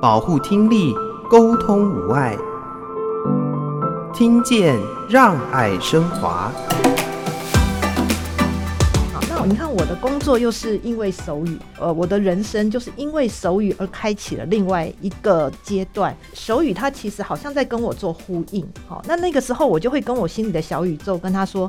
保護聽力，溝通無礙。聽見讓愛聲華。好，那你看我的工作又是因為手語，呃，我的人生就是因為手語而開啟了另外一個階段。手語它其實好像在跟我做呼應。好、哦，那那個時候我就會跟我心裡的小宇宙跟他說：“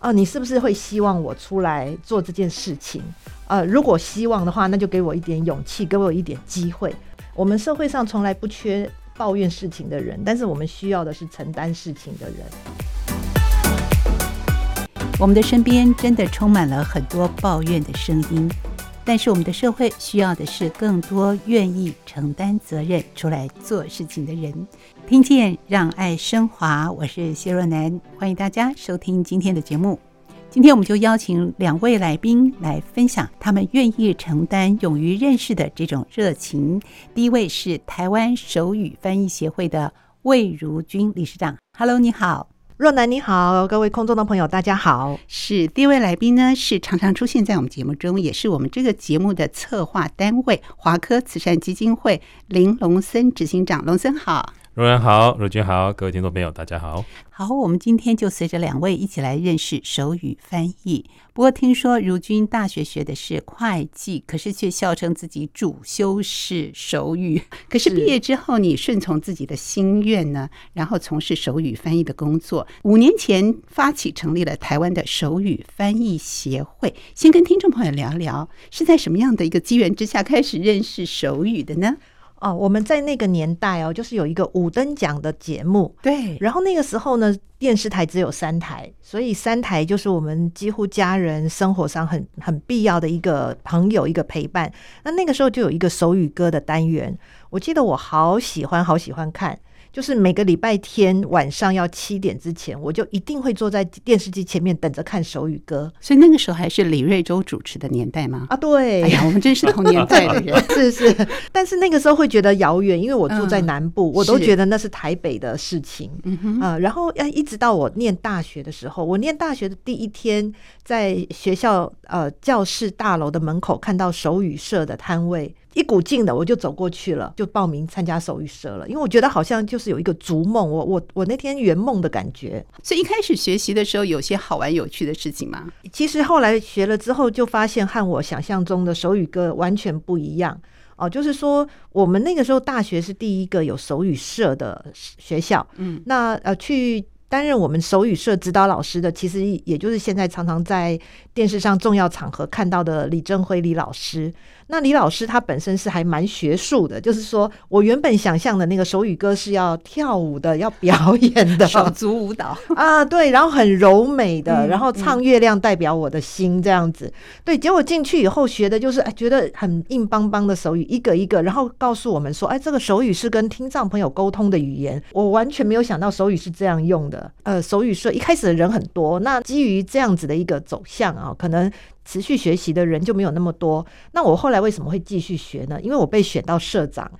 啊、呃，你是不是會希望我出來做這件事情？呃，如果希望的話，那就給我一點勇氣，給我一點機會。”我們社會上從來不缺抱怨事情的人，但是我們需要的是承擔事情的人。我們的身邊真的充滿了很多抱怨的聲音，但是我們的社會需要的是更多願意承擔責任、出來做事情的人。聽見讓愛聲華，我是謝若男，歡迎大家收聽今天的節目。今天我們就邀請兩位來賓來分享他們願意承擔、勇於認識的這種熱情。第一位是台灣手語翻譯協會的魏如君理事長。Hello，你好，若男。你好，各位空中的朋友，大家好。是第一位來賓呢，是常常出現在我們節目中，也是我們這個節目的策劃單位華科慈善基金會林龍森執行長。龍森好。若然好，如君好，各位聽眾朋友，大家好。好，我們今天就隨着兩位一起來認識手語翻譯。不過聽說如君大學學的是會計，可是卻笑稱自己主修是手語。可是畢業之後，你順從自己的心願呢，然後從事手語翻譯的工作。五年前發起成立了台灣的手語翻譯協會。先跟聽眾朋友聊聊，是在什麼樣的一個機緣之下開始認識手語的呢？哦，我們在那個年代哦，就是有一個五燈獎的節目，對。然後那個時候呢，電視台只有三台，所以三台就是我們幾乎家人生活上很很必要的一個朋友、一個陪伴。那那個時候就有一個手語歌的單元，我記得我好喜歡，好喜歡看。就是每個禮拜天晚上要七點之前，我就一定會坐在電視機前面等着看手語歌。所以那個時候還是李瑞洲主持的年代嗎？啊，對。哎呀，我們真是同年代的人， 是是，但是那個時候會覺得遙遠，因為我住在南部，嗯，我都覺得那是台北的事情。啊、呃，然後要一直到我念大學的時候，我念大學的第一天，在學校，呃教室大樓的門口看到手語社的攤位。一股勁的，我就走過去了，就報名參加手語社了。因為我覺得好像就是有一個逐夢，我我我那天圓夢的感覺。所以一開始學習的時候，有些好玩有趣的事情嘛。其實後來學了之後，就發現和我想象中的手語歌完全不一樣哦、呃。就是說，我們那個時候大學是第一個有手語社的學校。嗯，那呃，去擔任我們手語社指導老師的，其實也就是現在常常在電視上重要場合看到的李振輝李老師。那李老師他本身是還蠻學術的，就是說我原本想象的那個手語歌是要跳舞的、要表演的手足舞蹈啊、呃，對，然後很柔美的、嗯，然後唱月亮代表我的心這樣子，嗯、對。結果進去以後學的就是哎，覺得很硬邦邦的手語，一個一個，然後告訴我們說，哎，這個手語是跟聽障朋友溝通的語言，我完全沒有想到手語是這樣用的。呃，手語社一開始的人很多，那基於這樣子的一個走向啊，可能。持續學習的人就沒有那麼多。那我後來為什麼會繼續學呢？因為我被選到社長，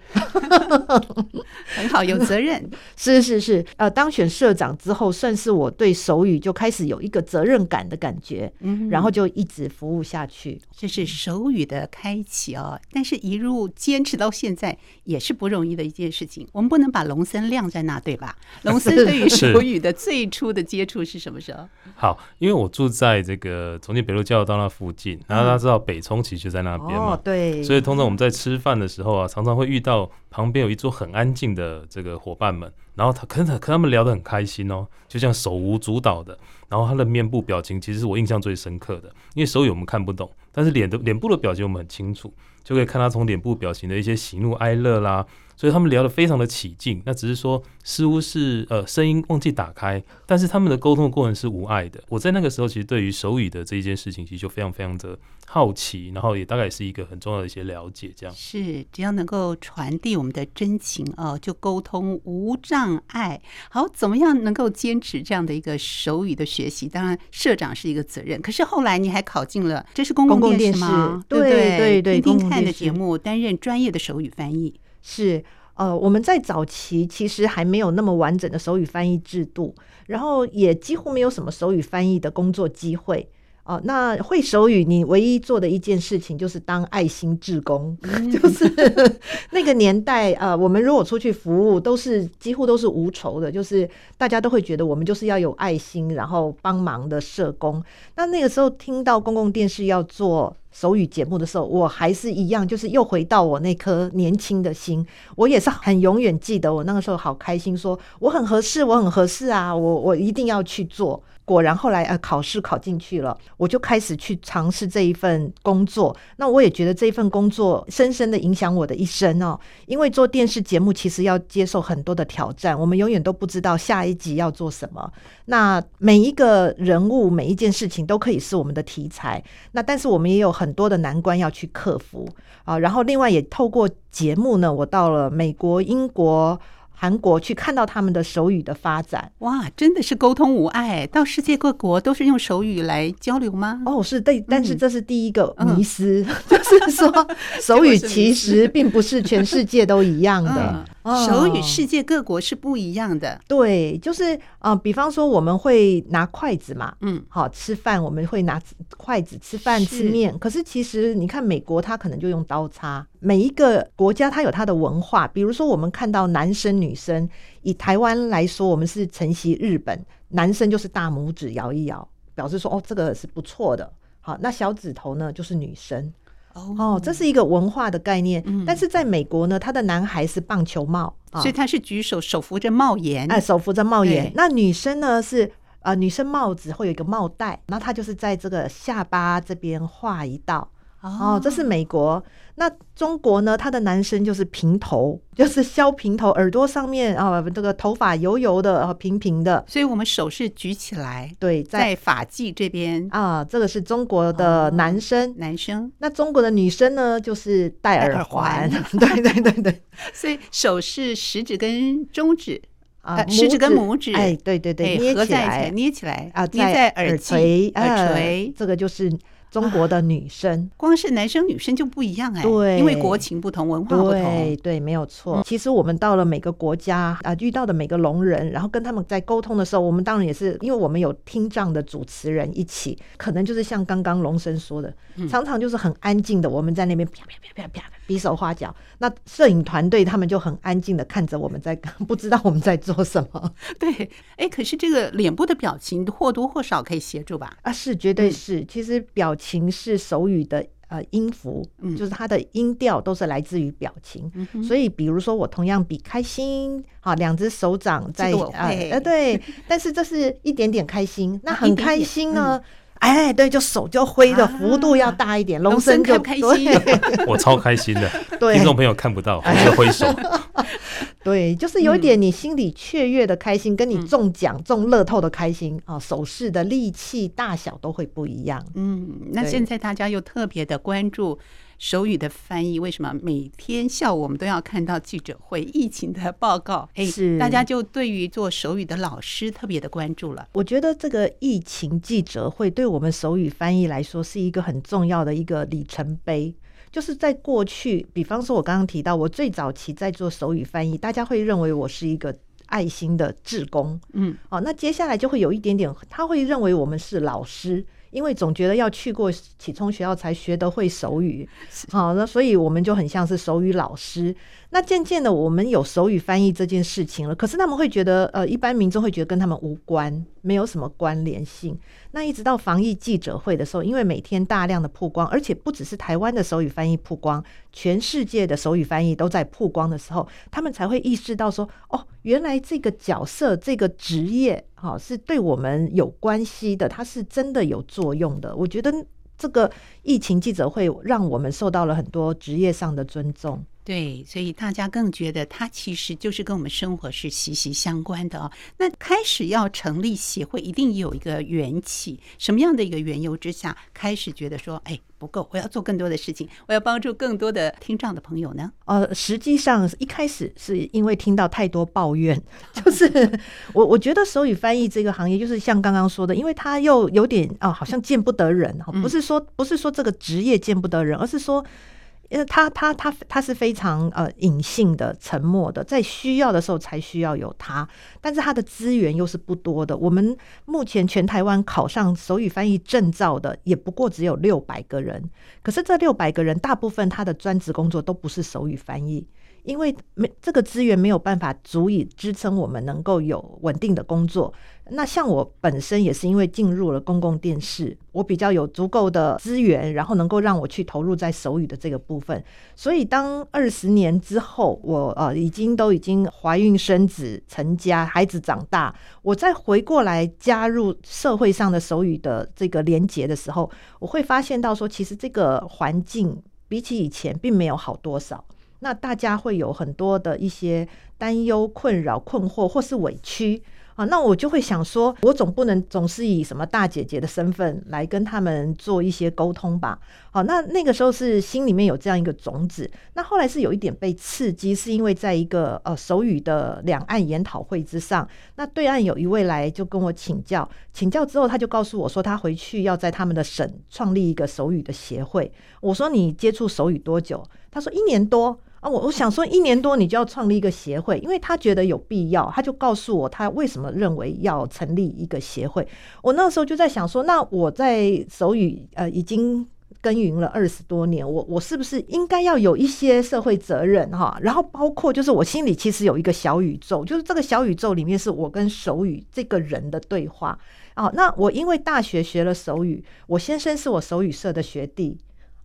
很好，有責任。 是是是，呃，當選社長之後，算是我對手語就開始有一個責任感的感覺。嗯，然後就一直服務下去。這是手語的開啟啊、哦，但是一路堅持到現在也是不容易的一件事情。我們不能把龍森晾在那，對吧？龍森對於手語的最初的接觸是什麼時候？ 好，因為我住在這個重慶北路教育道那。附近，然後他知道北衝其實就在那邊嘛、嗯哦，對。所以通常我們在吃飯的時候啊，常常會遇到旁邊有一桌很安靜的這個夥伴們，然後他跟他跟他們聊得很開心哦，就像手舞足蹈的，然後他的面部表情其實是我印象最深刻的，因為手語我們看不懂，但是臉的臉部的表情我們很清楚，就可以看他從臉部表情的一些喜怒哀樂啦。所以他們聊得非常的起勁，那只是說似乎是呃聲音忘記打開，但是他們的溝通的過程是無礙的。我在那個時候其實對於手語的這一件事情其實就非常非常的好奇，然後也大概是一個很重要的一些了解。這樣是只要能夠傳遞我們的真情哦，就溝通無障礙。好，怎麼樣能夠堅持這樣的一個手語的學習？當然，社長是一個責任。可是後來你還考進了，這是公共電視嗎？視，對對對，聽聽看的節目擔任專業的手語翻譯。是，呃，我們在早期其實還沒有那麼完整的手語翻譯制度，然後也幾乎沒有什麼手語翻譯的工作機會哦、呃、那會手語，你唯一做的一件事情就是當愛心志工，嗯、就是 那個年代啊、呃，我們如果出去服務，都是幾乎都是無酬的，就是大家都會覺得我們就是要有愛心，然後幫忙的社工。那那個時候聽到公共電視要做。手語節目的時候，我還是一樣，就是又回到我那顆年輕的心。我也是很永遠記得我那個時候好開心說，說我很合適，我很合適啊！我我一定要去做。果然後來呃考試考進去了，我就開始去嘗試這一份工作。那我也覺得這一份工作深深的影響我的一生哦。因為做電視節目，其實要接受很多的挑戰。我們永遠都不知道下一集要做什麼。那每一個人物，每一件事情都可以是我們的題材。那但是我們也有很很多的難關要去克服啊，然後另外也透過節目呢，我到了美國、英國、韓國去看到他們的手語的發展，哇，真的是溝通無礙。到世界各國都是用手語來交流嗎？哦，是，對，嗯，但是這是第一個迷思，嗯，就是說手語其實並不是全世界都一樣的。 嗯 Oh, 手語世界各國是不一樣的，對，就是、呃、比方說我們會拿筷子嘛，嗯，好，吃飯我們會拿筷子吃飯吃麵。可是其實你看美國，他可能就用刀叉。每一個國家它有它的文化，比如說我們看到男生女生，以台灣來說，我們是承襲日本，男生就是大拇指搖一搖，表示說哦這個是不錯的，好，那小指頭呢就是女生。哦、oh，這是一個文化的概念。嗯，但是在美國呢，他的男孩是棒球帽，所以他是舉手手扶着帽檐，哎、哦，手扶着帽檐、嗯。那女生呢是呃，女生帽子會有一個帽帶，然後他就是在這個下巴這邊畫一道。哦，這是美國。那中國呢？他的男生就是平頭，就是削平頭，耳朵上面啊、呃，這個頭髮油油的，平平的。所以我們手是舉起來，對，在髮髻這邊啊、呃。這個是中國的男生、哦，男生。那中國的女生呢？就是戴耳環，耳 對對對對。 所以手是食指跟中指啊、呃，食指跟拇指，哎，對對對，哎、捏，起起捏起來，捏起來啊，捏在耳垂耳垂、啊，這個就是。中國的女生，光是男生女生就不一樣哎、欸，對，因為國情不同，文化不同，對，對，沒有錯、嗯。其實我們到了每個國家啊、呃，遇到的每個聾人，然後跟他們在溝通的時候，我們當然也是，因為我們有聽障的主持人一起，可能就是像剛剛龍森說的，嗯、常常就是很安靜的，我們在那邊啪啪啪啪啪啪啪。比手畫腳，那攝影團隊他們就很安靜的看着我們在，不知道我們在做什麼。對，哎、欸，可是這個臉部的表情或多或少可以協助吧？啊，是，絕對是。嗯、其實表情是手語的呃音符、嗯，就是它的音調都是來自於表情、嗯。所以比如說我同樣比開心，好，兩隻手掌在，哎哎、呃、對，但是這是一點點開心， 那很開心呢？啊哎，對，就手就揮的、啊、幅度要大一點，龍、啊、森就龍開心， 我超開心的。聽 眾朋友看不到，哎、我就揮手。對，就是有一點，你心裡雀躍的開心，嗯、跟你中獎中樂透的開心啊，手勢的力氣大小都會不一樣。嗯，那現在大家又特別的關注。手語的翻譯，為什麼每天下午我們都要看到記者會疫情的報告？嘿，大家就對於做手語的老師特別的關注了。我覺得這個疫情記者會對我們手語翻譯來說是一個很重要的一個里程碑。就是在過去，比方說我剛剛提到，我最早期在做手語翻譯，大家會認為我是一個愛心的志工。嗯，哦，那接下來就會有一點點，他會認為我們是老師。因為總覺得要去過啟聰學校才學得會手語，好，哦，那所以我們就很像是手語老師。那漸漸的，我們有手語翻譯這件事情了，可是他們會覺得，呃，一般民眾會覺得跟他們無關，沒有什麼關聯性。那一直到防疫記者會的時候，因為每天大量的曝光，而且不只是台灣的手語翻譯曝光，全世界的手語翻譯都在曝光的時候，他們才會意識到說，哦，原來這個角色、這個職業，哈、哦，是對我們有關係的，它是真的有作用的。我覺得這個。疫情記者會讓我們受到了很多職業上的尊重，對，所以大家更覺得它其實就是跟我們生活是息息相關的啊、哦。那開始要成立協會，一定有一個緣起，什麼樣的一個緣由之下，開始覺得說，哎、欸，不夠，我要做更多的事情，我要幫助更多的聽障的朋友呢？呃，實際上一開始是因為聽到太多抱怨，就是 我我覺得手語翻譯這個行業，就是像剛剛說的，因為它又有點啊、哦，好像見不得人啊、嗯，不是說不是說。這個職業見不得人，而是說，因為他他他他是非常呃隱性的、沉默的，在需要的時候才需要有他，但是他的資源又是不多的。我們目前全台灣考上手語翻譯證照的，也不過只有六百個人。可是這六百個人，大部分他的專職工作都不是手語翻譯。因為沒這個資源，沒有辦法足以支撐我們能夠有穩定的工作。那像我本身也是因為進入了公共電視，我比較有足夠的資源，然後能夠讓我去投入在手語的這個部分。所以當二十年之後，我呃已經都已經懷孕生子成家，孩子長大，我再回過來加入社會上的手語的這個連接的時候，我會發現到說，其實這個環境比起以前並沒有好多少。那大家會有很多的一些擔憂、困擾、困惑或是委屈啊，那我就會想說，我總不能總是以什麼大姐姐的身份來跟他們做一些溝通吧？好，啊，那那個時候是心裡面有這樣一個種子。那後來是有一點被刺激，是因為在一個呃手語的兩岸研討會之上，那對岸有一位來就跟我請教，請教之後他就告訴我說，他回去要在他們的省創立一個手語的協會。我說你接觸手語多久？他說一年多。啊，我我想說一年多你就要創立一個協會，因為他覺得有必要，他就告訴我他為什麼認為要成立一個協會。我那時候就在想說，那我在手語呃已經耕耘了二十多年，我我是不是應該要有一些社會責任哈？然後包括就是我心裡其實有一個小宇宙，就是這個小宇宙裡面是我跟手語這個人的對話。啊，那我因為大學學了手語，我先生是我手語社的學弟。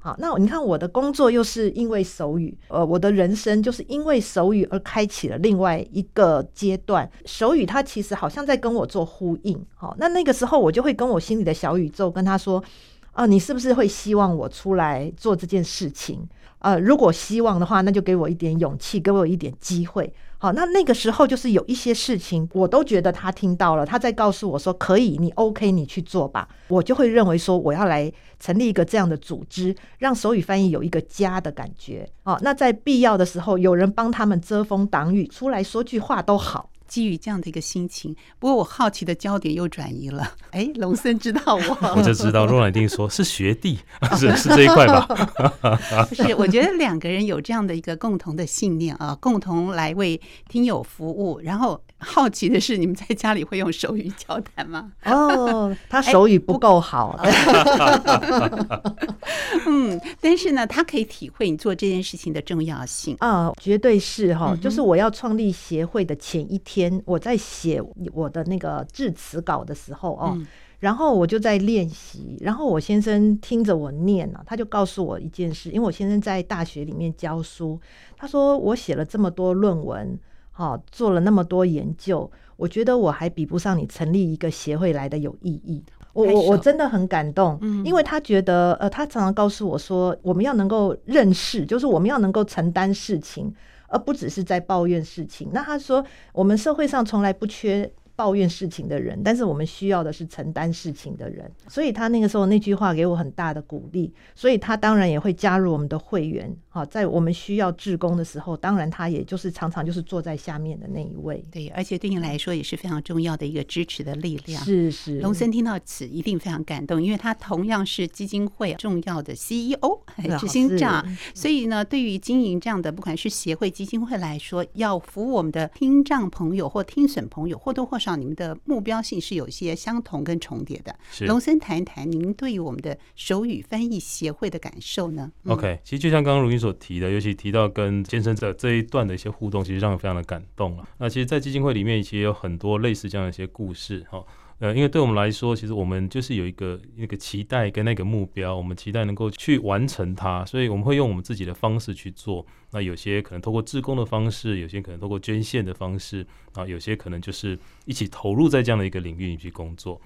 好，那你看我的工作又是因為手語，呃，我的人生就是因為手語而開啟了另外一個階段。手語它其實好像在跟我做呼應，好，那那個時候我就會跟我心裡的小宇宙跟他說，啊，你是不是會希望我出來做這件事情？呃，如果希望的話，那就給我一點勇氣，給我一點機會。好，哦，那那個時候就是有一些事情，我都覺得他聽到了，他在告訴我說可以，你 OK，你去做吧，我就會認為說我要來成立一個這樣的組織，讓手語翻譯有一個家的感覺。哦，那在必要的時候，有人幫他們遮風擋雨，出來說句話都好。基於這樣的一個心情，不過我好奇的焦點又轉移了。哎、欸，龍森知道我，我就知道，若男一定說是學弟，是是這一塊吧？不 是，我覺得兩個人有這樣的一個共同的信念啊，共同來為聽友服務，然後，好奇的是，你們在家裡會用手語交談嗎？哦，他手語不夠好。欸、 嗯，但是呢，他可以體會你做這件事情的重要性啊、哦，絕對是哈、哦嗯。就是我要創立協會的前一天，我在寫我的那個致辭稿的時候哦、嗯，然後我就在練習，然後我先生聽着我念、啊、他就告訴我一件事，因為我先生在大學裡面教書，他說我寫了這麼多論文。哦，做了那麼多研究，我覺得我還比不上你成立一個協會來的有意義。我我我真的很感動，嗯，因為他覺得，呃，他常常告訴我說，我們要能夠認識，就是我們要能夠承擔事情，而不只是在抱怨事情。那他說，我們社會上從來不缺，抱怨事情的人，但是我們需要的是承擔事情的人。所以他那個時候那句話給我很大的鼓勵，所以他當然也會加入我們的會員。好，在我們需要志工的時候，當然他也就是常常就是坐在下面的那一位。對，而且對你來說也是非常重要的一個支持的力量。是是。龍森聽到此一定非常感動，因為他同樣是基金會重要的 CEO，執行長。所以呢，對於經營這樣的不管是協會基金會來說，要服務我們的聽障朋友或聽損朋友，或多或少，讓你們的目標性是有一些相同跟重疊的。龍森談一談您對於我們的手語翻譯協會的感受呢、嗯、？OK，其實就像剛剛如君所提的，尤其提到跟先生者這一段的一些互動，其實讓我非常的感動啊。那其實，在基金會裡面，其實有很多類似這樣的一些故事、啊，哈。呃，因為對我們來說，其實我們就是有一個那個期待跟那個目標，我們期待能夠去完成它，所以我們會用我們自己的方式去做。那有些可能透過志工的方式，有些可能透過捐獻的方式，啊，有些可能就是一起投入在這樣的一個領域裡去工作。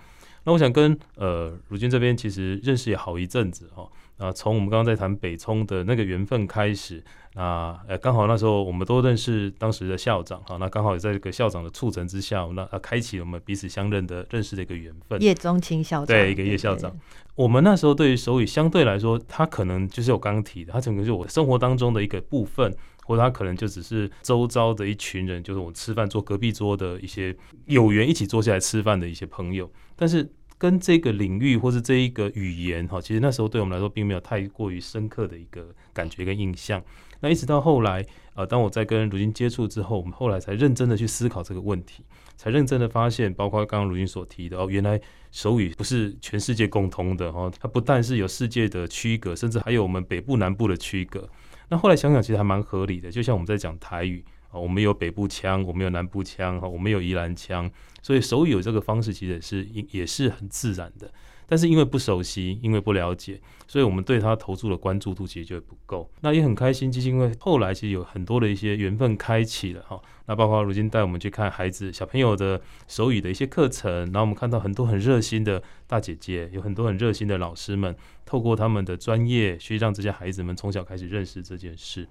那我想跟呃，如君這邊其實認識也好一陣子哦。啊，從我們剛剛在談北聰的那個緣分開始，啊，呃，剛好那時候我們都認識當時的校長，哈、啊，那剛好也在這個校長的促成之下，那啊，開啟我們彼此相認的認識的一個緣分。葉宗青校長，對，一個葉校長對對對。我們那時候對於手語相對來說，他可能就是我剛剛提的，他可能就是我生活當中的一個部分，或者他可能就只是周遭的一群人，就是我吃飯坐隔壁桌的一些有緣一起坐下來吃飯的一些朋友，但是。跟這個領域或是這一個語言哈，其實那時候對我們來說並沒有太過於深刻的一個感覺跟印象。那一直到後來，呃，當我在跟如君接觸之後，我們後來才認真的去思考這個問題，才認真的發現，包括剛剛如君所提的哦，原來手語不是全世界共通的哦，它不但是有世界的區隔，甚至還有我們北部南部的區隔。那後來想想，其實還蠻合理的。就像我們在講台語啊、哦，我們有北部腔，我們有南部腔，哈，我們有宜蘭腔。所以手語有這個方式其實也是也是很自然的，但是因為不熟悉，因為不了解，所以我們對他投注的關注度其實就不夠。那也很開心，就是因為後來其實有很多的一些緣分開啟了哈。那包括如君帶我們去看孩子小朋友的手語的一些課程，然後我們看到很多很熱心的大姐姐，有很多很熱心的老師們，透過他們的專業去讓這些孩子們從小開始認識這件事。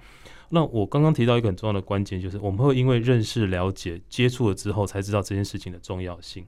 那我剛剛提到一個很重要的關鍵，就是我們會因為認識、了解、接觸了之後，才知道這件事情的重要性。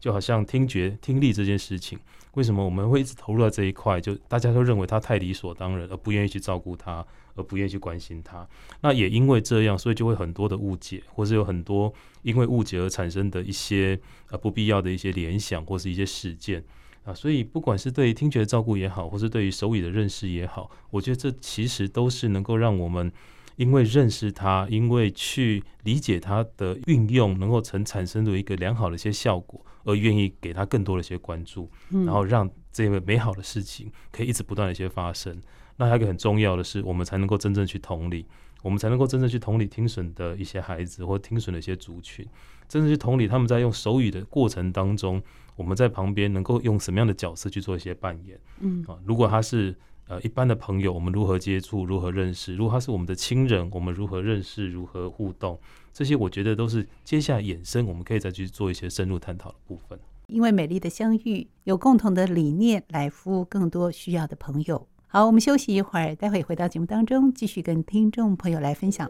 就好像聽覺、聽力這件事情，為什麼我們會一直投入到這一塊？就大家都認為它太理所當然，而不願意去照顧它，而不願意去關心它。那也因為這樣，所以就會很多的誤解，或是有很多因為誤解而產生的一些呃不必要的一些聯想或是一些事件啊。所以不管是對於聽覺的照顧也好，或是對於手語的認識也好，我覺得這其實都是能夠讓我們。因為認識他，因為去理解他的運用，能夠成產生出一個良好的一些效果，而願意給他更多的一些關注，嗯、然後讓這個美好的事情可以一直不斷的一些發生。那還有一個很重要的是，我們才能夠真正去同理，我們才能夠真正去同理聽損的一些孩子或聽損的一些族群，真正去同理他們在用手語的過程當中，我們在旁邊能夠用什麼樣的角色去做一些扮演？嗯啊，如果他是。呃，一般的朋友我們如何接觸、如何認識？如果他是我們的親人，我們如何認識、如何互動？這些我覺得都是接下來衍生，我們可以再去做一些深入探討的部分。因為美麗的相遇，有共同的理念來服務更多需要的朋友。好，我們休息一會兒，待會回到節目當中，繼續跟聽眾朋友來分享。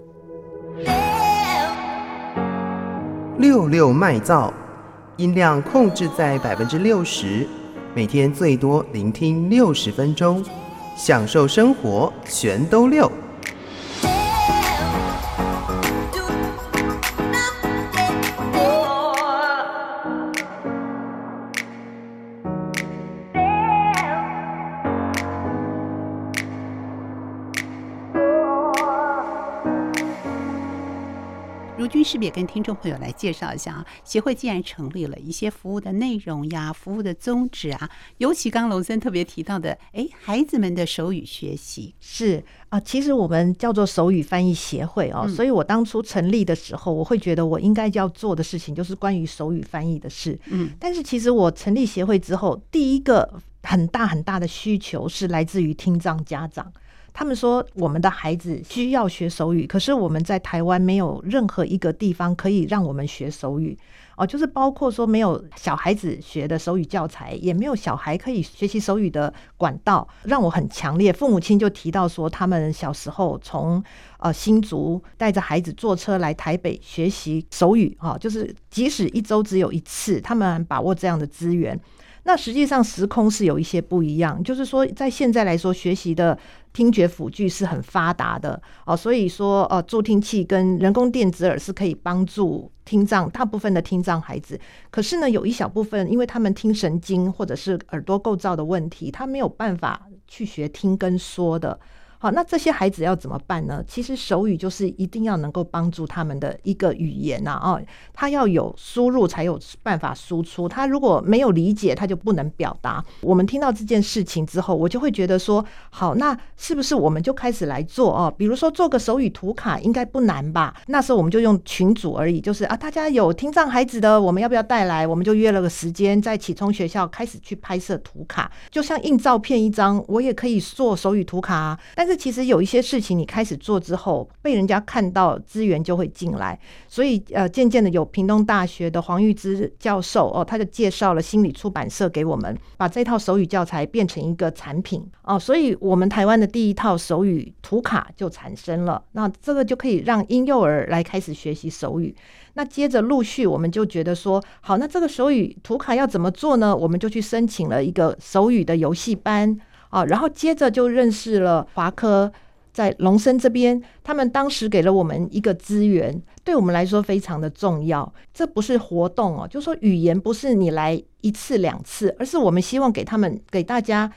六六麥吵，音量控制在百分之六十，每天最多聆聽六十分鐘。享受生活，全都六。是不是也跟聽眾朋友來介紹一下啊？協會既然成立了一些服務的內容呀，服務的宗旨啊，尤其剛龍森特別提到的，誒，孩子們的手語學習是啊，呃，其實我們叫做手語翻譯協會哦，嗯，所以我當初成立的時候，我會覺得我應該要做的事情就是關於手語翻譯的事。嗯，但是其實我成立協會之後，第一個很大很大的需求是來自於聽障家長。他們說，我們的孩子需要學手語，可是我們在台灣沒有任何一個地方可以讓我們學手語哦，就是包括說沒有小孩子學的手語教材，也沒有小孩可以學習手語的管道，讓我很強烈。父母親就提到說，他們小時候從呃新竹帶着孩子坐車來台北學習手語啊、哦，就是即使一周只有一次，他們把握這樣的資源。那實際上時空是有一些不一樣，就是說在現在來說學習的。聽覺輔具是很發達的哦，所以說，呃，助聽器跟人工電子耳是可以幫助聽障，大部分的聽障孩子。可是呢，有一小部分，因為他們聽神經或者是耳朵構造的問題，他沒有辦法去學聽跟說的。好，那這些孩子要怎麼辦呢？其實手語就是一定要能夠幫助他們的一個語言吶、啊。哦，他要有輸入才有辦法輸出，他如果沒有理解，他就不能表達。我們聽到這件事情之後，我就會覺得說，好，那是不是我們就開始來做哦？比如說做個手語圖卡，應該不難吧？那時候我們就用群組而已，就是啊，大家有聽障孩子的，我們要不要帶來？我們就約了個時間，在啟聰學校開始去拍攝圖卡，就像印照片一張，我也可以做手語圖卡，啊，但。這其實有一些事情，你開始做之後，被人家看到，資源就會進來。所以，呃，漸漸的有屏東大學的黃玉枝教授哦，他就介紹了心理出版社給我們，把這套手語教材變成一個產品哦，所以我們台灣的第一套手語圖卡就產生了。那這個就可以讓嬰幼兒來開始學習手語。那接着陸續，我們就覺得說，好，那這個手語圖卡要怎麼做呢？我們就去申請了一個手語的遊戲班。啊，然後接着就認識了華科，在龍森這邊，他們當時給了我們一個資源，對我們來說非常的重要。這不是活動哦，就是說語言不是你來一次兩次，而是我們希望給他們給大家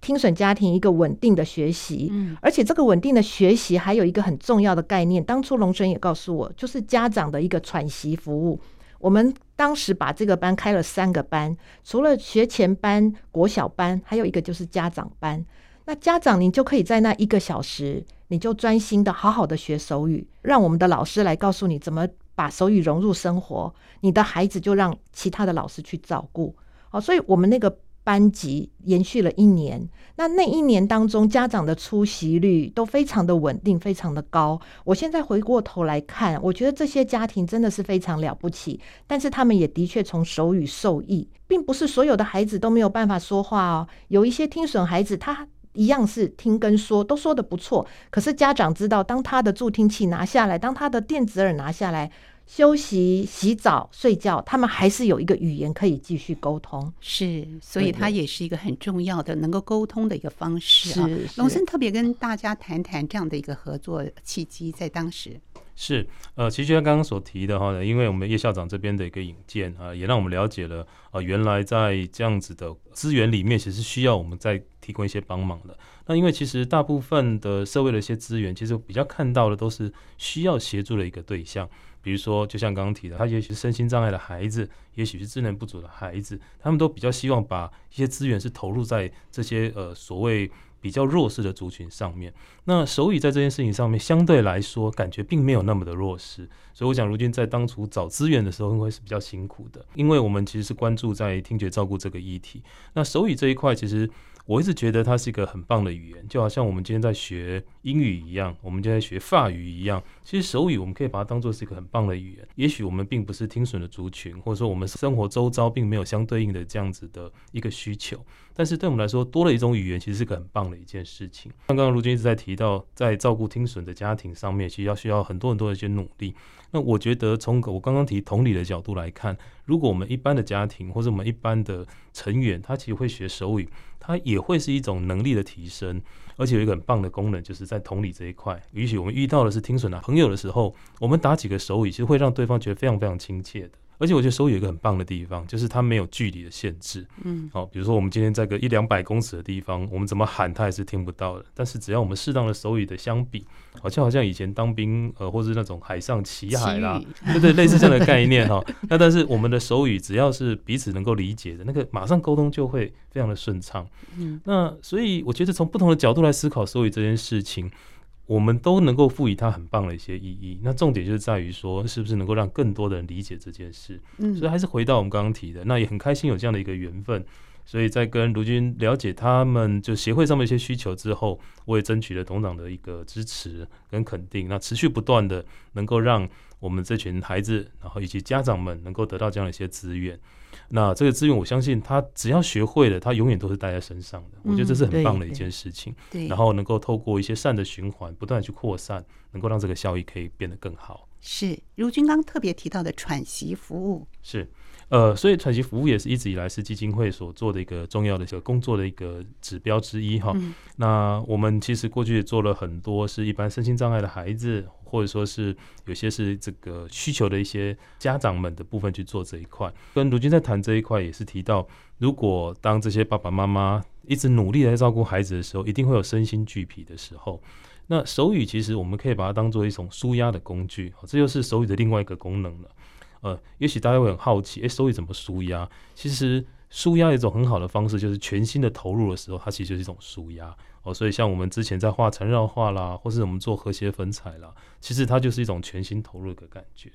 聽損家庭一個穩定的學習、嗯。而且這個穩定的學習還有一個很重要的概念，當初龍森也告訴我，就是家長的一個喘息服務，我們。當時把這個班開了三個班，除了學前班、國小班，還有一個就是家長班。那家長，你就可以在那一個小時，你就專心的好好的學手語，讓我們的老師來告訴你怎麼把手語融入生活。你的孩子就讓其他的老師去照顧。好，哦，所以我們那個。班級延續了一年，那那一年當中，家長的出席率都非常的穩定，非常的高。我現在回過頭來看，我覺得這些家庭真的是非常了不起。但是他們也的確從手語受益，並不是所有的孩子都沒有辦法說話哦。有一些聽損孩子，他一樣是聽跟說都說得不錯，可是家長知道，當他的助聽器拿下來，當他的電子耳拿下來。休息、洗澡、睡覺，他們還是有一個語言可以繼續溝通，是，所以它也是一個很重要的能夠溝通的一個方式啊。龍森，特別跟大家談談這樣的一個合作契機，在當時是，呃，其實像剛剛所提的哈，因為我們葉校長這邊的一個引薦啊，也讓我們了解了啊，原來在這樣子的資源裡面，其實需要我們再提供一些幫忙的。那因為其實大部分的社會的一些資源，其實比較看到的都是需要協助的一個對象。比如說，就像剛剛提的，他也許是身心障礙的孩子，也許是智能不足的孩子，他們都比較希望把一些資源是投入在這些呃所謂比較弱勢的族群上面。那手語在這件事情上面相對來說感覺並沒有那麼的弱勢，所以我想如君在當初找資源的時候，應該是比較辛苦的，因為我們其實是關注在聽覺照顧這個議題。那手語這一塊，其實我一直覺得它是一個很棒的語言，就好像我們今天在學英語一樣，我們今天在學法語一樣。其實手語我們可以把它當作是一個很棒的語言。也許我們並不是聽損的族群，或者說我們生活周遭並沒有相對應的這樣子的一個需求，但是對我們來說多了一種語言，其實是個很棒的一件事情。剛剛如君一直在提到，在照顧聽損的家庭上面，其實要需要很多很多的一些努力。那我覺得從我剛剛提同理的角度來看，如果我們一般的家庭或者我們一般的成員，他其實會學手語，他也會是一種能力的提升。而且有一個很棒的功能，就是在同理這一塊，也許我們遇到的是聽損的啊，朋友的時候，我們打幾個手語，其實會讓對方覺得非常非常親切的。而且我覺得手語有一個很棒的地方，就是它沒有距離的限制。嗯，好，比如說我們今天在個一兩百公尺的地方，我們怎麼喊，它也是聽不到的。但是只要我們適當的手語的相比，好像好像以前當兵呃，或是那種海上旗海啦，對，對對，類似這樣的概念哈、喔。 那但是我們的手語只要是彼此能夠理解的，那個馬上溝通就會非常的順暢。嗯，那所以我覺得從不同的角度來思考手語這件事情。我們都能夠賦予它很棒的一些意義，那重點就是在於說，是不是能夠讓更多的人理解這件事。嗯，所以還是回到我們剛剛提的，那也很開心有這樣的一個緣分。所以在跟如君了解他們就協會上面一些需求之後，我也爭取了董事長的一個支持跟肯定。那持續不斷的能夠讓我們這群孩子，然後以及家長們能夠得到這樣的一些資源。那這個資源，我相信他只要學會了，他永遠都是帶在身上的。我覺得這是很棒的一件事情。對，然後能夠透過一些善的循環，不斷去擴散，能夠讓這個效益可以變得更好。是，如君剛特別提到的喘息服務。是。呃，所以喘息服務也是一直以來是基金會所做的一個重要的一個工作的一個指標之一哈、嗯。那我們其實過去也做了很多，是一般身心障礙的孩子，或者說是有些是這個需求的一些家長們的部分去做這一塊。跟如君在談這一塊，也是提到，如果當這些爸爸媽媽一直努力來照顧孩子的時候，一定會有身心俱疲的時候。那手語其實我們可以把它當做一種舒壓的工具，這就是手語的另外一個功能了。呃，也許大家會很好奇，誒、欸，手語怎麼舒壓？其實舒壓有一種很好的方式，就是全新的投入的時候，它其實就是一種舒壓哦。所以像我們之前在畫纏繞畫啦，或是我們做和諧粉彩啦，其實它就是一種全新投入的感覺。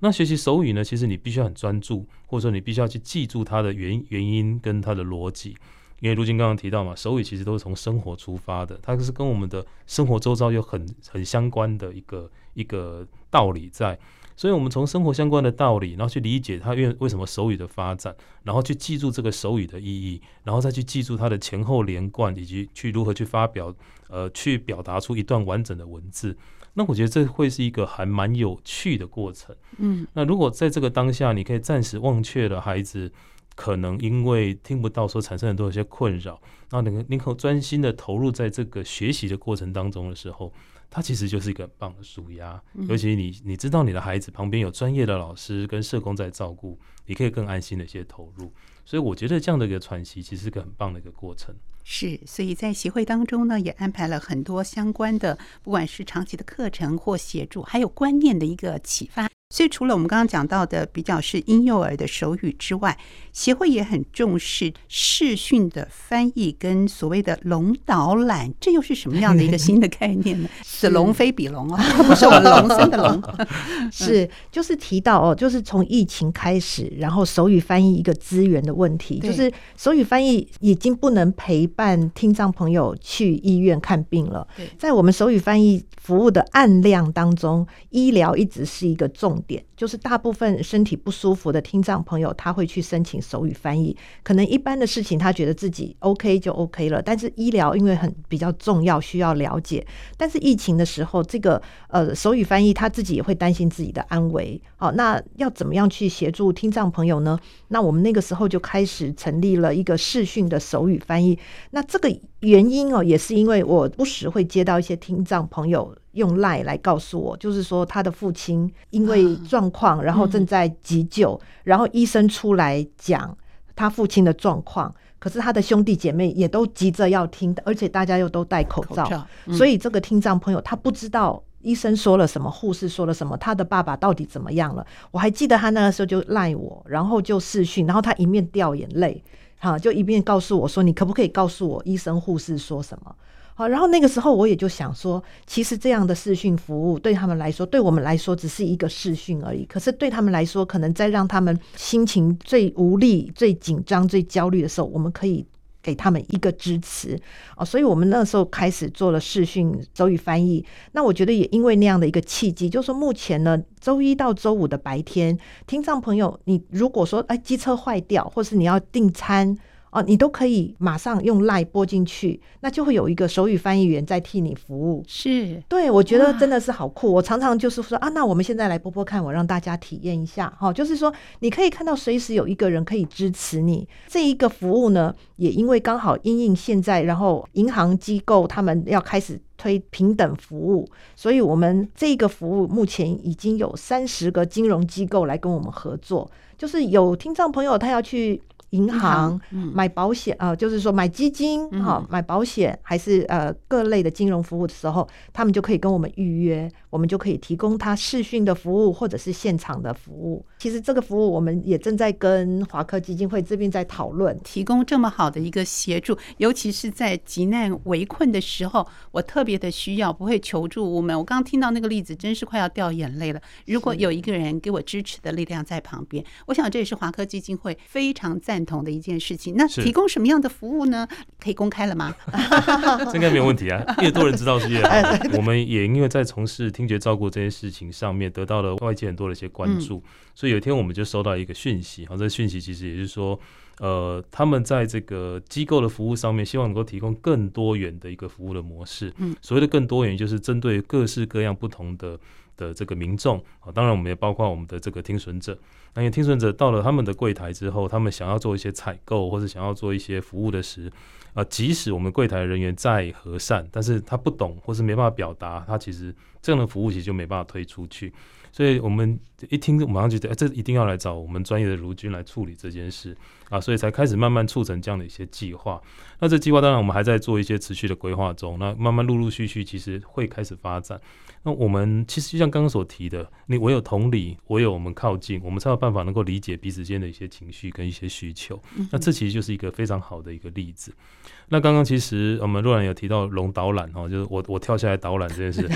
那學習手語呢，其實你必須很專注，或者說你必須要去記住它的原因原因跟它的邏輯，因為如今剛剛提到嘛，手語其實都是從生活出發的，它是跟我們的生活周遭有很很相關的一個一個道理在。所以，我們從生活相關的道理，然後去理解他，因為為什麼手語的發展，然後去記住這個手語的意義，然後再去記住它的前後連貫，以及去如何去發表，呃，去表達出一段完整的文字。那我覺得這會是一個還蠻有趣的過程。嗯，那如果在這個當下，你可以暫時忘卻了孩子可能因為聽不到所產生很多一些困擾，那你你可專心的投入在這個學習的過程當中的時候。它其實就是一個很棒的舒壓，尤其你你知道你的孩子旁邊有專業的老師跟社工在照顧，你可以更安心的一些投入。所以我覺得這樣的一個喘息其實是一個很棒的一個過程。是，所以在協會當中呢，也安排了很多相關的，不管是長期的課程或協助，還有觀念的一個啟發。所以除了我們剛剛講到的比較是嬰幼兒的手語之外，協會也很重視視訊的翻譯跟所謂的龍導覽，這又是什麼樣的一個新的概念呢？是龍非彼龍哦，不是我們龍生的龍，是就是提到哦，就是從疫情開始，然後手語翻譯一個資源的問題，就是手語翻譯已經不能陪伴聽障朋友去醫院看病了。在我們手語翻譯服務的案量當中，醫療一直是一個重點，就是大部分身體不舒服的聽障朋友，他會去申請手語翻譯。可能一般的事情他覺得自己 OK 就 OK 了，但是醫療因為很比較重要，需要了解。但是疫情的時候，這個呃手語翻譯他自己也會擔心自己的安危。好，哦，那要怎麼樣去協助聽障朋友呢？那我們那個時候就開始成立了一個視訊的手語翻譯。那這個原因哦，也是因為我不時會接到一些聽障朋友。用賴來告訴我，就是說他的父親因為狀況，然後正在急救，然後醫生出來講他父親的狀況，可是他的兄弟姐妹也都急着要聽，而且大家又都戴口罩，所以這個聽障朋友他不知道醫生說了什麼，護士說了什麼，他的爸爸到底怎麼樣了？我還記得他那個時候就賴我，然後就視訊，然後他一面掉眼淚，哈，就一面告訴我說：“你可不可以告訴我醫生護士說什麼？”好，然後那個時候我也就想說，其實這樣的視訊服務對他們來說，對我們來說只是一個視訊而已。可是對他們來說，可能在讓他們心情最無力、最緊張、最焦慮的時候，我們可以給他們一個支持哦，所以我們那時候開始做了視訊手語翻譯。那我覺得也因為那樣的一個契機，就是說目前呢，周一到周五的白天，聽障朋友，你如果說哎，機車壞掉，或是你要訂餐。啊，你都可以馬上用 LINE 撥進去，那就會有一個手語翻譯員在替你服務。是，對我覺得真的是好酷。啊、我常常就是說啊，那我們現在來撥撥看，我讓大家體驗一下。哈，就是說你可以看到，隨時有一個人可以支持你。這一個服務呢，也因為剛好因應現在，然後銀行機構他們要開始推平等服務，所以我們這一個服務目前已經有三十個金融機構來跟我們合作。就是有聽障朋友他要去。銀行買保險啊，就是說買基金哈，買保險還是呃各類的金融服務的時候，他們就可以跟我們預約。我們就可以提供他視訊的服務，或者是現場的服務。其實這個服務我們也正在跟華科基金會這邊在討論，提供這麼好的一個協助，尤其是在急難圍困的時候，我特別的需要，不會求助無門。我剛剛聽到那個例子，真是快要掉眼淚了。如果有一個人給我支持的力量在旁邊，我想這也是華科基金會非常贊同的一件事情。那提供什麼樣的服務呢？可以公開了嗎？ 應該沒有問題啊，越多人知道是越好……我們也因為在從事聽。聽覺照顧這些事情上面得到了外界很多的一些關注，所以有一天我們就收到一個訊息啊，這訊息其實也就是說，呃，他們在這個機構的服務上面希望能夠提供更多元的一個服務的模式。所謂的更多元就是針對各式各樣不同的的這個民眾啊，當然我們也包括我們的這個聽損者。那因為聽損者到了他們的櫃檯之後，他們想要做一些採購或者想要做一些服務的時，啊，即使我們櫃檯的人員再和善，但是他不懂或是沒辦法表達，他其實這樣的服務其實就沒辦法推出去。所以，我們一聽就馬上覺得，哎，這一定要來找我們專業的如君來處理這件事。啊，所以才開始慢慢促成這樣的一些計劃。那這計劃當然我們還在做一些持續的規劃中。那慢慢陸陸續續，其實會開始發展。那我們其實就像剛剛所提的，你唯有同理，唯有我們靠近，我們才有辦法能夠理解彼此間的一些情緒跟一些需求。那這其實就是一個非常好的一個例子。嗯、那剛剛其實我們若男有提到龍導覽哦，就是我我跳下來導覽這件事。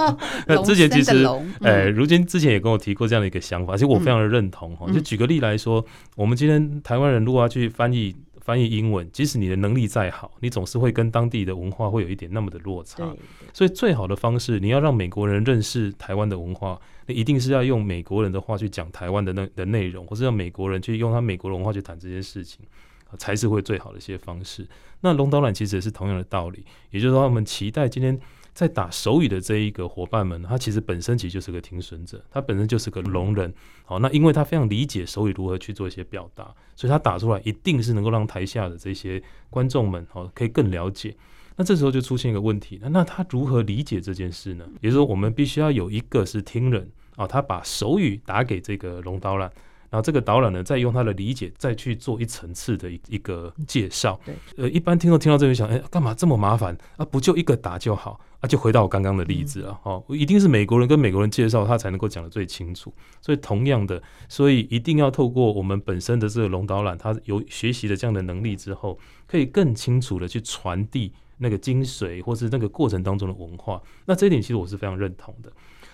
那之前其實、嗯，哎，如君之前也跟我提過這樣的一個想法，其實我非常的認同哈。就舉個例來說，嗯、我們今天。台灣人如果要去翻譯翻譯英文，即使你的能力再好，你總是會跟當地的文化會有一點那麼的落差。對對對，所以最好的方式，你要讓美國人認識台灣的文化，那一定是要用美國人的話去講台灣的那的內容，或是讓美國人去用他美國文化去談這件事情，呃，才是會最好的一些方式。那龍導覽其實也是同樣的道理，也就是說，我們期待今天。在打手語的這一個夥伴們，他其實本身其實就是個聽損者，他本身就是個聾人。好，那因為他非常理解手語如何去做一些表達，所以他打出來一定是能夠讓臺下的這些觀眾們好可以更了解。那這時候就出現一個問題，那那他如何理解這件事呢？也就是說，我們必須要有一個是聽人，哦，他把手語打給這個聾導了。然後這個導覽呢，再用他的理解，再去做一層次的一一個介紹。對，呃，一般聽眾聽到這邊想，哎，幹嘛這麼麻煩啊？不就一個打就好？啊，就回到我剛剛的例子了，嗯、哦，一定是美國人跟美國人介紹，他才能夠講得最清楚。所以同樣的，所以一定要透過我們本身的這個龍導覽，他有學習了這樣的能力之後，可以更清楚地去傳遞那個精髓，或是那個過程當中的文化。那這一點其實我是非常認同的。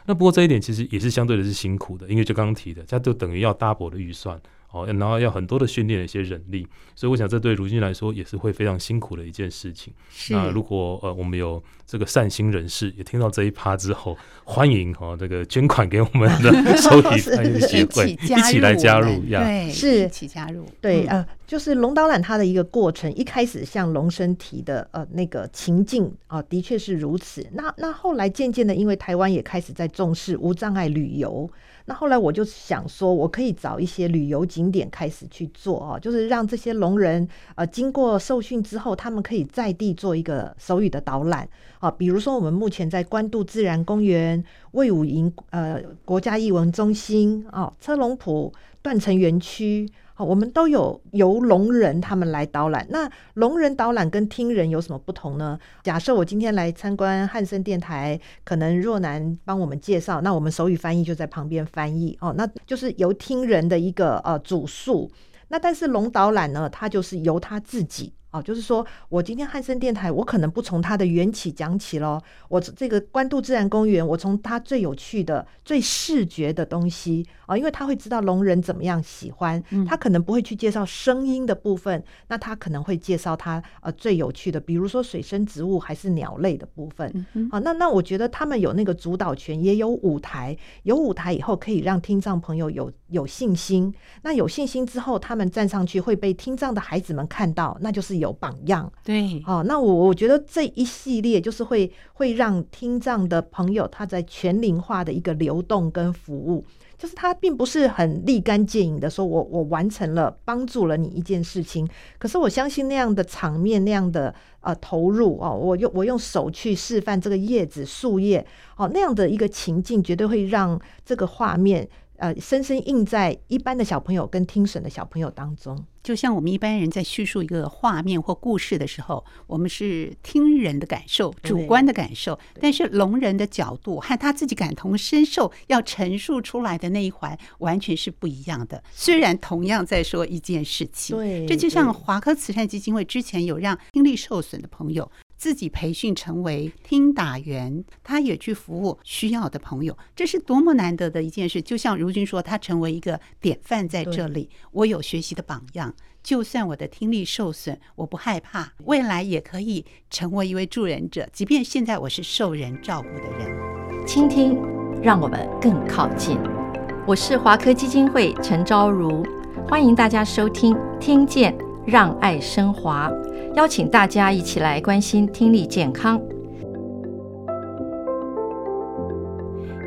那不過這一點其實也是相對的是辛苦的，因為就剛剛提的，這樣就等於要 double 的預算。然後要很多的訓練的一些人力，所以我想這對如君來說也是會非常辛苦的一件事情。那如果呃我們有這個善心人士也聽到這一趴之後，歡迎哈、呃、這個捐款給我們的收聽，一 起加入，一起來加入呀、yeah！是，一起加入。對、嗯呃、就是龍導覽它的一個過程，一開始像龍森提的呃那個情境啊、呃，的確是如此。那那後來漸漸的，因為台灣也開始在重視無障礙旅遊。那後來我就想說，我可以找一些旅遊景點開始去做哦，就是讓這些聾人啊、呃，經過受訓之後，他們可以在地做一個手語的導覽啊，比如說，我們目前在關渡自然公園、衛武營、呃，國家藝文中心、哦、啊，車籠埔、斷層園區。好，我們都有由聾人他們來導覽。那聾人導覽跟聽人有什麼不同呢？假設我今天來參觀漢聲電台，可能若男幫我們介紹，那我們手語翻譯就在旁邊翻譯。哦，那就是由聽人的一個呃主述。那但是聾導覽呢，它就是由他自己。就是說我今天漢聲電台，我可能不從它的緣起講起嘍。我這個關渡自然公園，我從它最有趣的、最視覺的東西啊，因為他會知道聾人怎麼樣喜歡，他可能不會去介紹聲音的部分，那他可能會介紹他呃、啊、最有趣的，比如說水生植物還是鳥類的部分啊。那那我覺得他們有那個主導權，也有舞台，有舞台以後可以讓聽障朋友有。有信心，那有信心之後，他們站上去會被聽障的孩子們看到，那就是有榜樣。對，哦，那我我覺得這一系列就是會會讓聽障的朋友，他在全齡化的一個流動跟服務，就是他並不是很立竿見影的說我，我我完成了幫助了你一件事情。可是我相信那樣的場面，那樣的呃投入哦，我用我用手去示範這個葉子樹葉哦，那樣的一個情境，絕對會讓這個畫面，嗯。呃，深深印在一般的小朋友跟聽損的小朋友當中，就像我們一般人在敘述一個畫面或故事的時候，我們是聽人的感受，主觀的感受；但是聾人的角度和他自己感同身受要陳述出來的那一環，完全是不一樣的。雖然同樣在說一件事情，對，這就像華科慈善基金會之前有讓聽力受損的朋友。自己培訓成為聽打員，他也去服務需要的朋友，這是多麼難得的一件事。就像如君說，他成為一個典範在這裡，我有學習的榜樣。就算我的聽力受損，我不害怕，未來也可以成為一位助人者。即便現在我是受人照顧的人，傾聽讓我們更靠近。我是華科基金會陳昭如，歡迎大家收聽《聽見讓愛聲華》。邀請大家一起來關心聽力健康，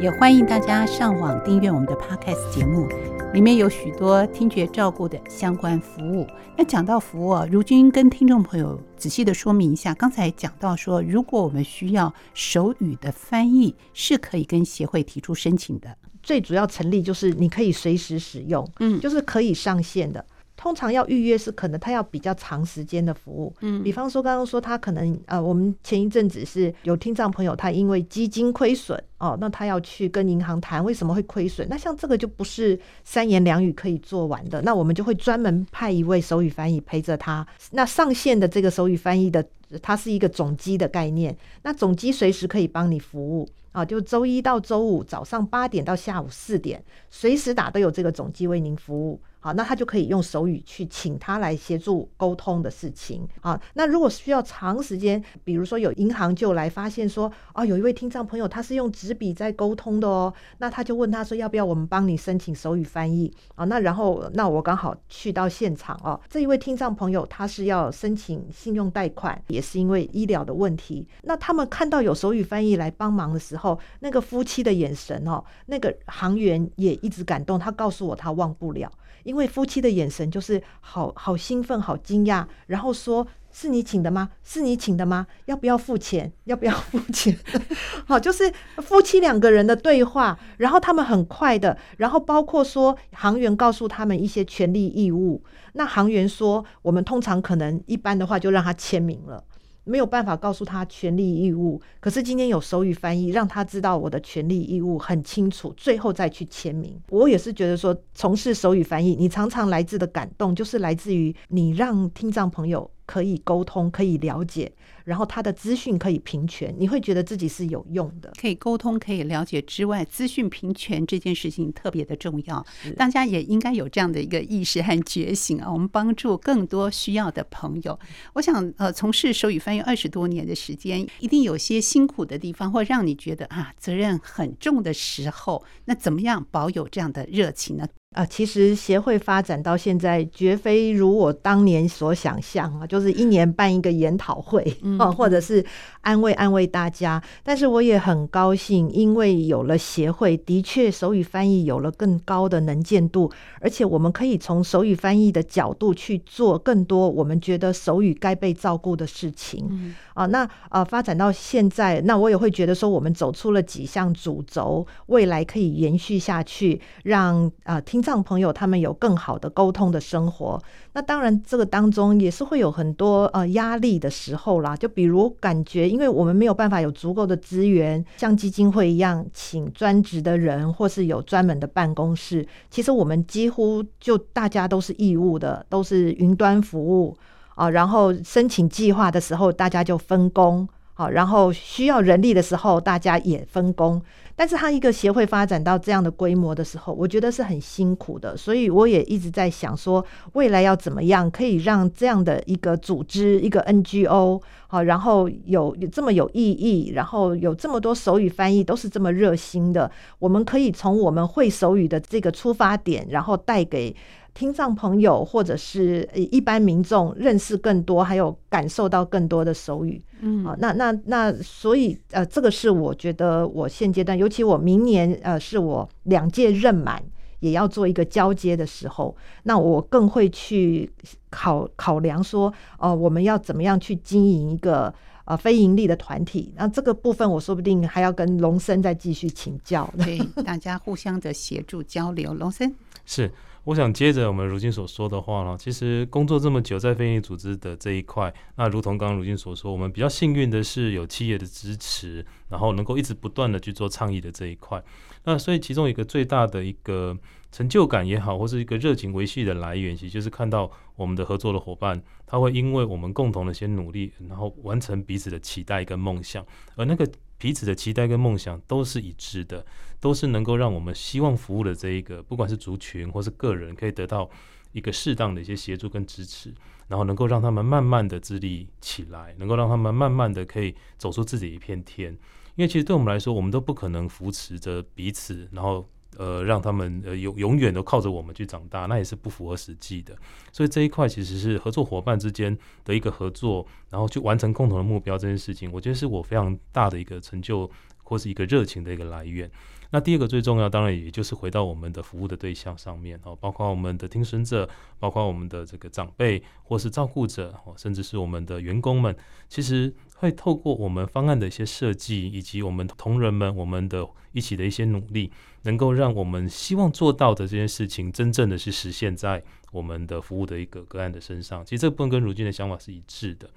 也歡迎大家上網訂閱我們的 Podcast 節目，裡面有許多聽覺照顧的相關服務。那講到服務啊，如君跟聽眾朋友仔細的說明一下，剛才講到說，如果我們需要手語的翻譯，是可以跟協會提出申請的。最主要成立就是你可以隨時使用，嗯，就是可以上線的。通常要預約是可能他要比較長時間的服務，嗯，比方說剛剛說他可能呃，我們前一陣子是有聽障朋友，他因為基金虧損哦，那他要去跟銀行談為什麼會虧損，那像這個就不是三言兩語可以做完的，那我們就會專門派一位手語翻譯陪着他。那上線的這個手語翻譯的，它是一個總機的概念，那總機隨時可以幫你服務啊，就周一到周五早上八點到下午四點，隨時打都有這個總機為您服務。好，那他就可以用手語去請他來協助溝通的事情。好，那如果需要長時間，比如說有銀行就來發現說，哦，有一位聽障朋友他是用紙筆在溝通的哦，那他就問他說要不要我們幫你申請手語翻譯啊？好，那然後那我剛好去到現場哦，這一位聽障朋友他是要申請信用貸款，也是因為醫療的問題。那他們看到有手語翻譯來幫忙的時候，那個夫妻的眼神哦，那個行員也一直感動，他告訴我他忘不了。因為夫妻的眼神就是好好興奮、好驚訝，然後說：“是你請的嗎？是你請的嗎？要不要付錢？要不要付錢？” 好，就是夫妻兩個人的對話，然後他們很快的，然後包括說，行員告訴他們一些權利義務。那行員說：“我們通常可能一般的話就讓他簽名了。”沒有辦法告訴他權利義務，可是今天有手語翻譯，讓他知道我的權利義務很清楚，最後再去簽名。我也是覺得說，從事手語翻譯，你常常來自的感動，就是來自於你讓聽障朋友可以溝通，可以了解。然後他的資訊可以平權，你會覺得自己是有用的，可以溝通，可以了解之外，資訊平權這件事情特別的重要，大家也應該有這樣的一個意識和覺醒啊！我們幫助更多需要的朋友。嗯、我想，呃，從事手語翻譯二十多年的時間，一定有些辛苦的地方，或讓你覺得啊責任很重的時候，那怎麼樣保有這樣的熱情呢？呃，其實協會發展到現在，絕非如我當年所想象啊，就是一年辦一個研討會，嗯啊，或者是，安慰安慰大家，但是我也很高興，因為有了協會，的確手語翻譯有了更高的能見度，而且我們可以從手語翻譯的角度去做更多我們覺得手語該被照顧的事情啊、嗯呃。那啊、呃，發展到現在，那我也會覺得說，我們走出了幾項主軸，未來可以延續下去，讓啊、呃、聽障朋友他們有更好的溝通的生活。那當然，這個當中也是會有很多呃壓力的時候啦，就比如感覺。因為我們沒有辦法有足夠的資源，像基金會一樣請專職的人，或是有專門的辦公室。其實我們幾乎就大家都是義務的，都是雲端服務啊。然後申請計劃的時候，大家就分工。好，然後需要人力的時候，大家也分工。但是它一個協會發展到這樣的規模的時候，我覺得是很辛苦的。所以我也一直在想說，未來要怎麼樣可以讓這樣的一個組織，一個 NGO，好，然後有這麼有意義，然後有這麼多手語翻譯都是這麼熱心的，我們可以從我們會手語的這個出發點，然後帶給。聽障朋友或者是一般民眾認識更多，還有感受到更多的手語。嗯，呃、那那那，所以呃，這個是我覺得我現階段，尤其我明年呃，是我兩屆任滿，也要做一個交接的時候，那我更會去考考量說，哦、呃，我們要怎麼樣去經營一個呃非營利的團體？那這個部分，我說不定還要跟龍森再繼續請教，所以 大家互相的協助交流。龍森是。我想接着我們如君所說的話呢，其實工作這麼久在非營利組織的這一塊，那如同剛剛如君所說，我們比較幸運的是有企業的支持，然後能夠一直不斷的去做倡議的這一塊。那所以其中一個最大的一個成就感也好，或是一個熱情維繫的來源，其實就是看到我們的合作的夥伴，他會因為我們共同的一些努力，然後完成彼此的期待跟夢想，而那個。彼此的期待跟夢想都是一致的，都是能夠讓我們希望服務的這一個，不管是族群或是個人，可以得到一個適當的一些協助跟支持，然後能夠讓他們慢慢的自立起來，能夠讓他們慢慢的可以走出自己一片天。因為其實對我們來說，我們都不可能扶持着彼此，然後。呃，讓他們呃永永遠都靠着我們去長大，那也是不符合實際的。所以這一塊其實是合作夥伴之間的一個合作，然後去完成共同的目標這件事情，我覺得是我非常大的一個成就或是一個熱情的一個來源。那第二個最重要，當然也就是回到我們的服務的對象上面哦，包括我們的聽損者，包括我們的這個長輩或是照顧者，甚至是我們的員工們，其實會透過我們方案的一些設計以及我們同仁們我們的一起的一些努力。能夠讓我們希望做到的這件事情，真正的是實現在我們的服務的一個個案的身上。其實這部分跟如君的想法是一致的。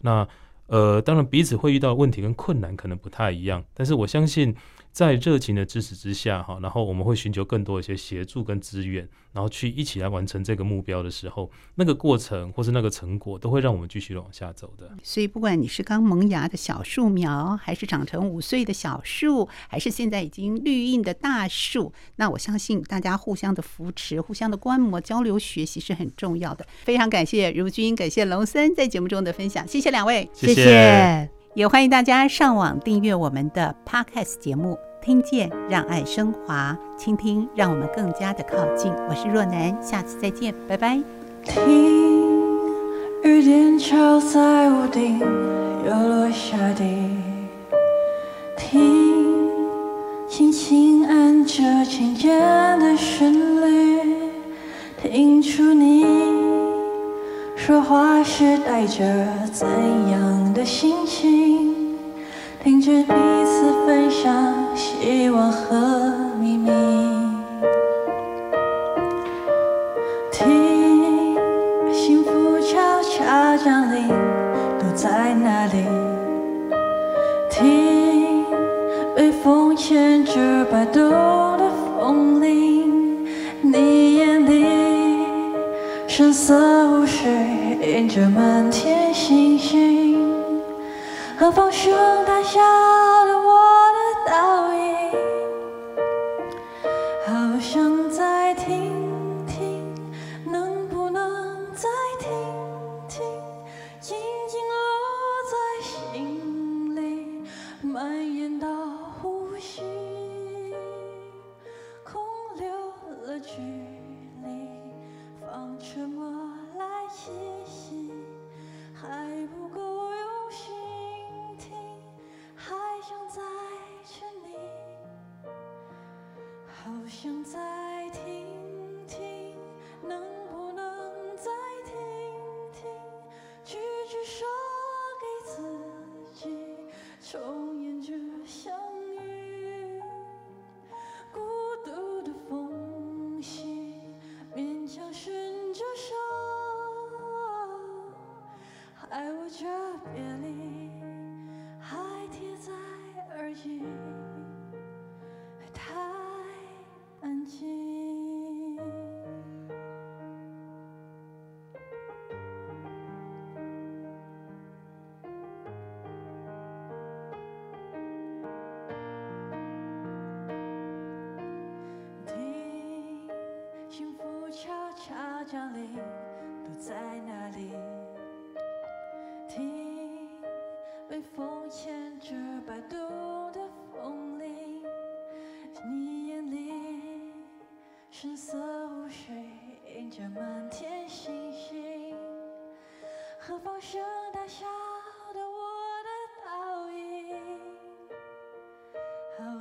那呃，當然彼此會遇到的問題跟困難可能不太一樣，但是我相信。在熱情的支持之下，哈，然後我們會尋求更多一些協助跟資源，然後去一起來完成這個目標的時候，那個過程或是那個成果都會讓我們繼續往下走的。所以，不管你是剛萌芽的小樹苗，還是長成五歲的小樹，還是現在已經綠蔭的大樹，那我相信大家互相的扶持、互相的觀摩、交流學習是很重要的。非常感謝如君、感謝龍森在節目中的分享，謝謝兩位，謝謝，謝謝，也歡迎大家上網訂閱我們的 Podcast 節目。聽見，讓愛聲華；傾聽，讓我們更加的靠近。我是若男，下次再見，拜拜。聽雨點敲在屋頂，又落下地。聽，輕輕按着琴鍵的旋律，聽出你說話時帶着怎樣的心情。聽着彼此分享希望和秘密，聽幸福悄悄降臨，都在哪裡？聽微風牽着擺動的風鈴，你眼裡山色湖水映着滿天星星，和放聲大笑的我。